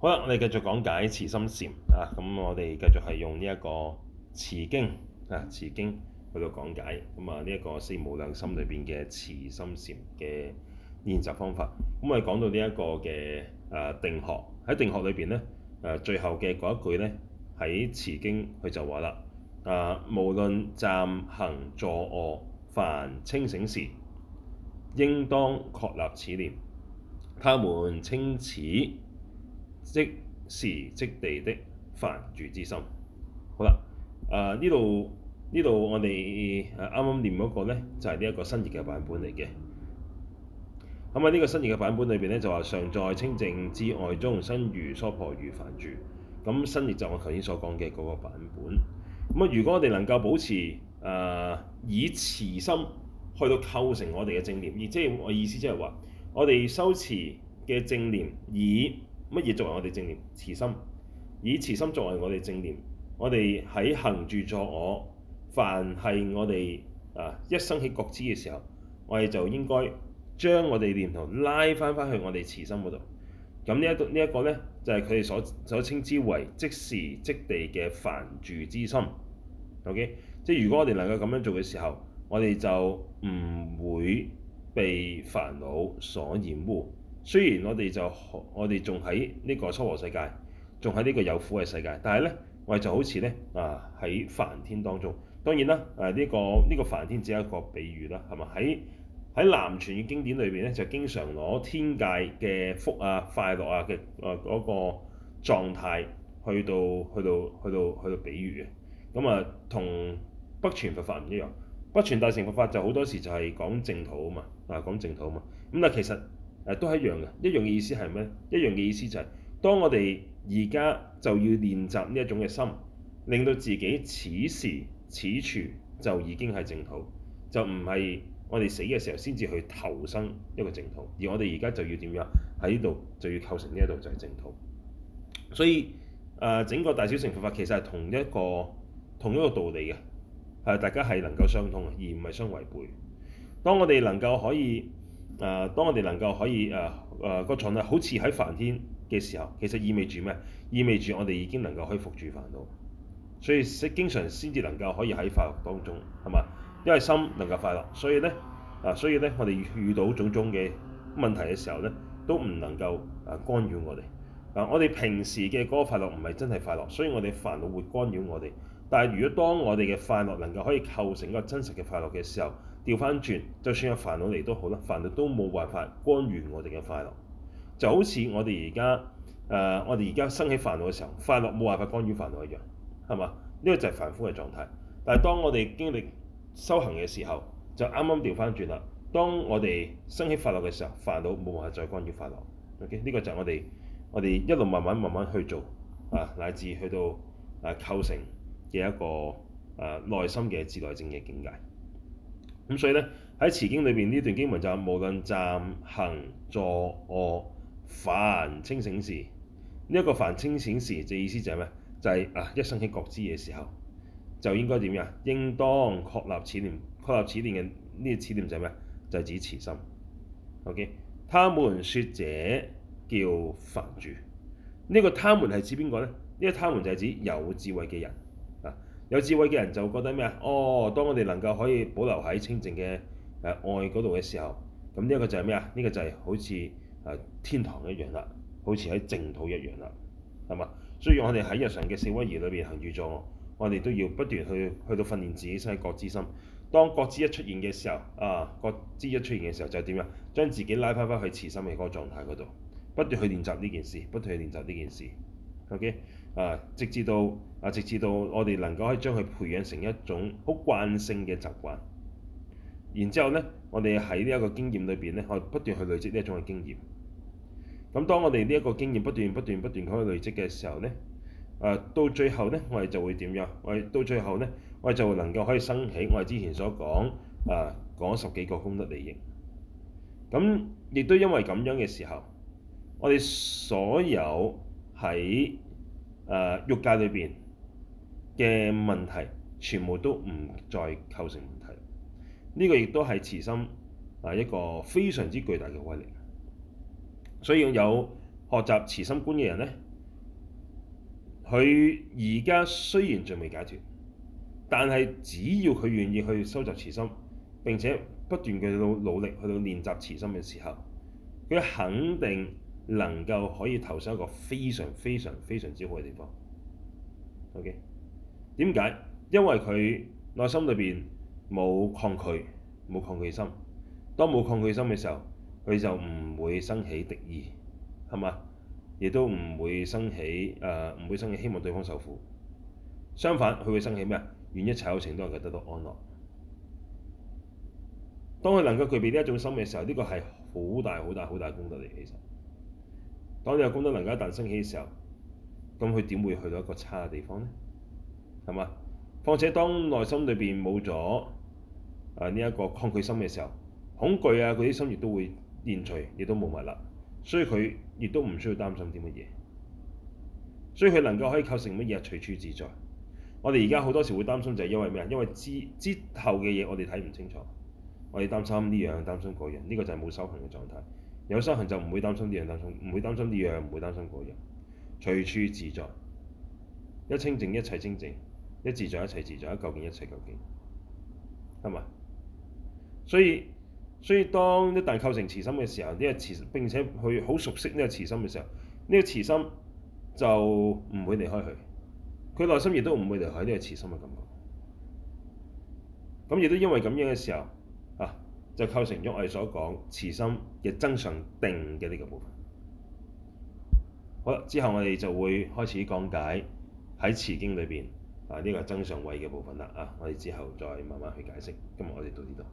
好啦，我哋繼續講解慈心禪。啊！咁我哋繼續係用呢一個《慈經》啊，《慈經去講》去到講解咁啊，呢、這、一個四無量心裏邊嘅慈心禪嘅練習方法。咁我哋講到呢一個嘅誒、啊、定學喺定學裏邊咧誒，最後嘅嗰一句咧喺《慈經》佢就話啦：啊，無論暫行坐臥、凡清醒時，應當確立此念，他們稱此，即時即地的梵住之心。好啦，啊這這剛剛的呢度呢度，我哋啊啱啱念嗰個咧，就係呢一個新譯嘅版本嚟嘅。咁、嗯、啊，呢、這個新譯嘅版本裏邊咧，就話常在清淨之外中生如疏破如梵住。咁、嗯、新譯就我頭先所講嘅嗰個版本。咁、嗯、啊，如果我哋能夠保持啊、呃、以慈心去到構成我哋嘅正念，而即係我意思即係話，我哋修慈嘅正念以乜嘢作為我哋正念？慈心。以慈心作為我哋正念，我哋喺行住坐臥，凡係我哋啊一生起覺知嘅時候，我哋就應該將我哋念頭拉翻翻去我哋慈心嗰度。咁呢一呢一個呢，就係佢哋所所稱之為即時即地嘅煩住之心。OK，即如果我哋能夠咁樣做嘅時候，我哋就唔會被煩惱所染污。雖然我哋就我哋仲喺呢個娑婆世界，仲喺呢個有苦嘅世界，但係咧，我哋就好似咧啊喺梵天當中。當然啦，誒、啊、呢、呢個呢、呢個梵天只係一個比喻啦，係嘛？喺喺南傳嘅經典裏邊咧，就經常攞天界嘅福啊、快樂啊嘅誒嗰個狀態去到去到去到去到，去到比喻嘅咁啊，同北傳佛法唔一樣。北傳大乘佛法就好多時就係講淨土啊嘛，啊講淨土啊嘛。咁但其實，誒都係一樣嘅，一樣嘅意思係咩？一樣嘅意思就係、是、當我哋而家就要練習呢一種嘅心，令到自己此時此處就已經係淨土，就唔係我哋死嘅時候先至去投生一個淨土，而我哋而家就要點樣喺呢度就要構成呢一度就係淨土。所以誒、呃，整個大小乘佛法其實係同一個同一個道理嘅，係大家係能夠相通，而唔係相違背。當我哋能夠可以。誒、啊，當我哋能夠可以誒誒、啊啊那個狀態好似喺梵天嘅時候，其實意味住咩？意味住我哋已經能夠可以服住煩惱，所以先經常先至能夠可以喺快樂當中係嘛？因為心能夠快樂，所以咧啊，所以咧我哋遇到種種嘅問題嘅時候咧，都唔能夠誒干擾我哋。啊，我哋平時嘅嗰個快樂唔係真係快樂，所以我哋煩惱會干擾我哋。但係，如果當我哋嘅快樂能夠可以構成一個真實嘅快樂嘅時候，調翻轉，就算有煩惱嚟都好啦，煩惱都冇辦法干擾我哋嘅快樂。就好似我哋而家誒，我哋而家生起煩惱嘅時候，快樂冇辦法干擾煩惱一樣，係嘛？呢個就係凡夫嘅狀態。但係當我哋經歷修行嘅時候，就啱啱調翻轉啦。當我哋生起快樂嘅時候，煩惱冇辦法再干擾快樂。OK，呢個就係我哋我哋一路慢慢慢慢去做啊，乃至去到啊構成。嘅一個誒、呃、內心嘅自內證嘅境界。咁所以咧，喺慈經裏邊呢段經文就係、是、無論站行坐卧凡清醒時，呢、這、一個凡清醒時嘅意思就係咩？就係、是、啊一生起覺知嘅時候就應該點樣呀？應當確立此念，確立此念嘅呢個此念就係咩？就係、是、指慈心。O.K. 他們説者叫梵住，呢、這個他們係指邊個咧？呢、這個他們就係指有智慧嘅人。有智慧嘅人就會覺得咩啊？哦，當我哋能夠可以保留喺清淨嘅誒愛嗰度嘅時候，咁呢一個就係咩啊？呢個就係好似誒天堂一樣啦，好似喺淨土一樣啦，係嘛？所以我哋喺日常嘅四威儀裏邊行住坐卧，我哋都要不斷去去到訓練自己身喺覺知心。當覺知一出現嘅時候，啊，覺知一出現嘅時候就係點啊？將自己拉翻翻去慈心嘅嗰個狀態嗰度，不斷去練習呢件事，不斷去練習呢件事。OK。啊！直至到啊，直至到我哋能夠可以將佢培養成一種好慣性嘅習慣。然之後呢，我哋喺呢一個經驗裏邊咧，我哋不斷去累積呢一種嘅經驗。咁當我哋呢一個經驗不斷不斷不斷咁去累積嘅時候呢，誒、啊、到最後呢，我哋就會點樣？我哋到最後呢，我哋就能夠可以生起我哋之前所講啊，講十幾個功德利益。咁亦都因為咁樣嘅時候，我哋所有喺～誒、uh, 欲界裏邊嘅問題，全部都唔再構成問題。呢、呢個亦都係慈心一個非常之巨大嘅威力。所以有學習慈心觀嘅人呢，佢而家雖然仲未解決，但係只要佢願意去收集慈心，並且不斷嘅努力去到練習慈心嘅時候，佢肯定，能夠可以投身一個非常非常非常之好嘅地方，OK？點解？因為佢內心裏邊冇抗拒，冇抗拒心。當冇抗拒心嘅時候，佢就唔會生起敵意，係嘛？亦都唔會生起誒，唔會生起希望對方受苦。相反，佢會生起咩啊？願一切有情都能夠得到安樂。當佢能夠具備呢一種心嘅時候，呢個係好大好大好大功德嚟，其實。當你有功德能夠一旦升起嘅時候，咁佢點會去到一個差嘅地方呢？係嘛？況且當內心裏邊冇咗啊呢一個抗拒心嘅時候，恐懼啊佢啲心亦都會現除，亦都冇物啦。所以佢亦都唔需要擔心啲乜嘢。所以佢能夠可以構成乜嘢？隨處自在。我哋而家好多時會擔心就係因為咩啊？因為之之後嘅嘢我哋睇唔清楚，我哋擔心呢樣，擔心嗰樣，呢個就係冇修行嘅狀態。有修行就唔會擔心啲人，擔心，唔會擔心啲樣，唔會擔心嗰樣，隨處自在。一清淨一切清淨，一自在一切自在，一究竟一切究竟，係咪？所以所以，當一旦構成慈心嘅時候，呢個慈並且佢好熟悉呢個慈心嘅時候，呢個慈心就唔會離開佢，佢內心亦都唔會離開呢個慈心嘅感覺。咁亦都因為咁樣嘅時候。就構成咗我哋所講慈心嘅增上定嘅呢個部分好了。好，之後我哋就會開始講解喺《慈經》裏面，啊呢、這個增上慧嘅部分了啊，我哋之後再慢慢去解釋。今日我哋到呢度。